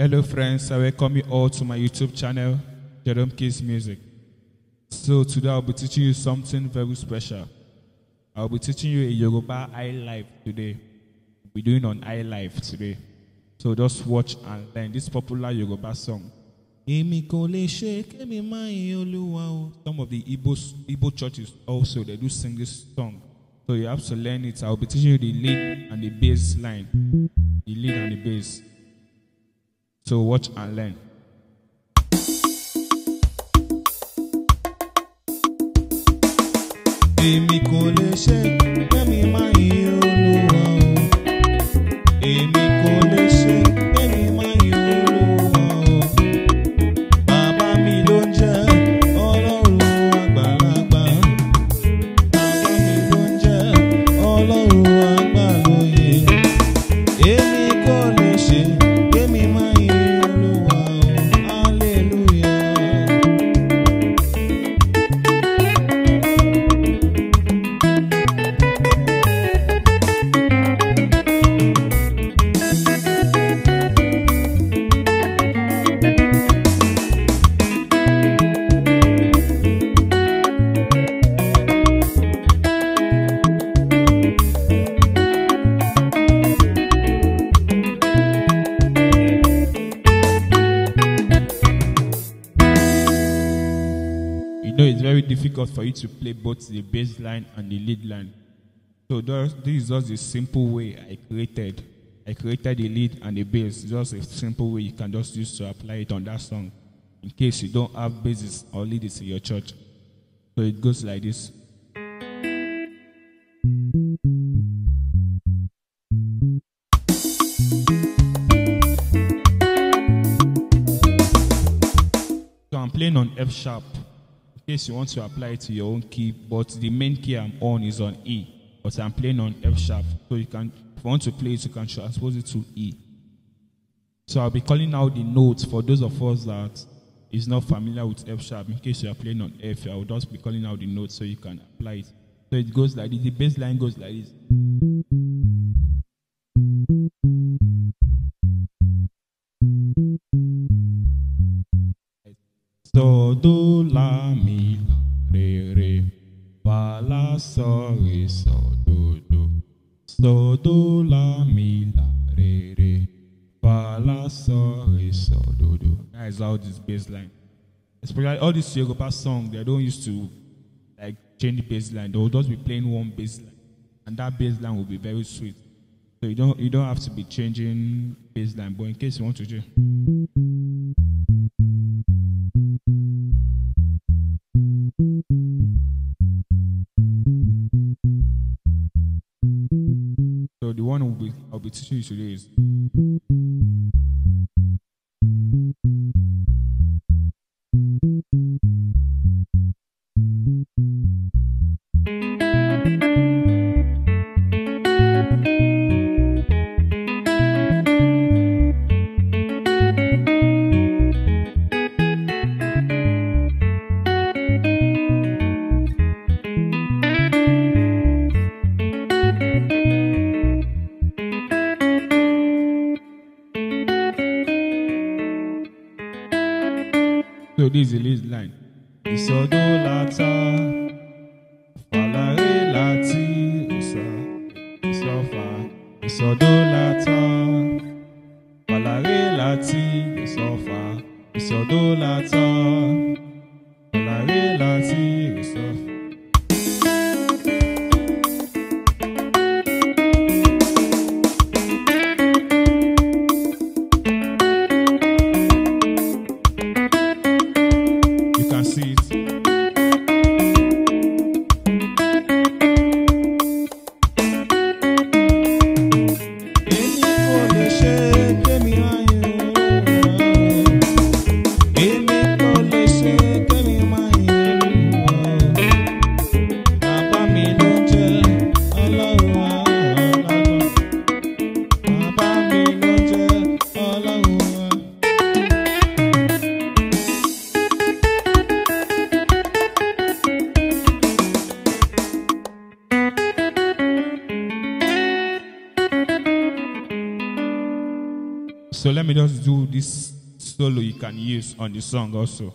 Hello, friends. I welcome you all to my YouTube channel, Jerome Kiss Music. So, today I'll be teaching you something very special. I'll be teaching you a Yoruba I Live today. We'll doing on I Live today. So, just watch and learn this popular Yoruba song. Some of the Igbo, Igbo churches also they do sing this song. So you have to learn it. I'll be teaching you the lead and the bass line. The lead and the bass to watch and learn. Èmi kò lè ṣe it's very difficult for you to play both the bass line and the lead line. So this is just a simple way I created. I created the lead and the bass, just a simple way you can just use to apply it on that song in case you don't have basses or leads in your church. So it goes like this. So I'm playing on F sharp case you want to apply it to your own key, but the main key I'm on is on E, but I'm playing on F sharp. So you can, if you want to play it, you can transpose it to E. So I'll be calling out the notes for those of us that is not familiar with F sharp. In case you are playing on F, I will just be calling out the notes so you can apply it. So it goes like this. The bass line goes like this. rere fàlà sọ̀rì sọ̀dodo sọ̀dọ̀ làmìlà rere fàlà sọ̀rì sọ̀dodo. That is how this bass line. Especially all these Yoruba songs, they don't used to like change the bass line. They will just be playing one bass line, and that bass line will be very sweet. So you don't you don't have to be changing bass line. But in case you want to do. I'll be teaching you today this is his line. Ìsọdọ́látà fàlàrẹ́ láti òsà ìsọfà ìsọdọ́látà. So let me just do this solo you can use on the song also.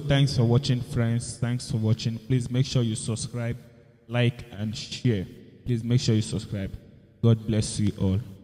thanks for watching, friends. Thanks for watching. Please make sure you subscribe, like, and share. Please make sure you subscribe. God bless you all.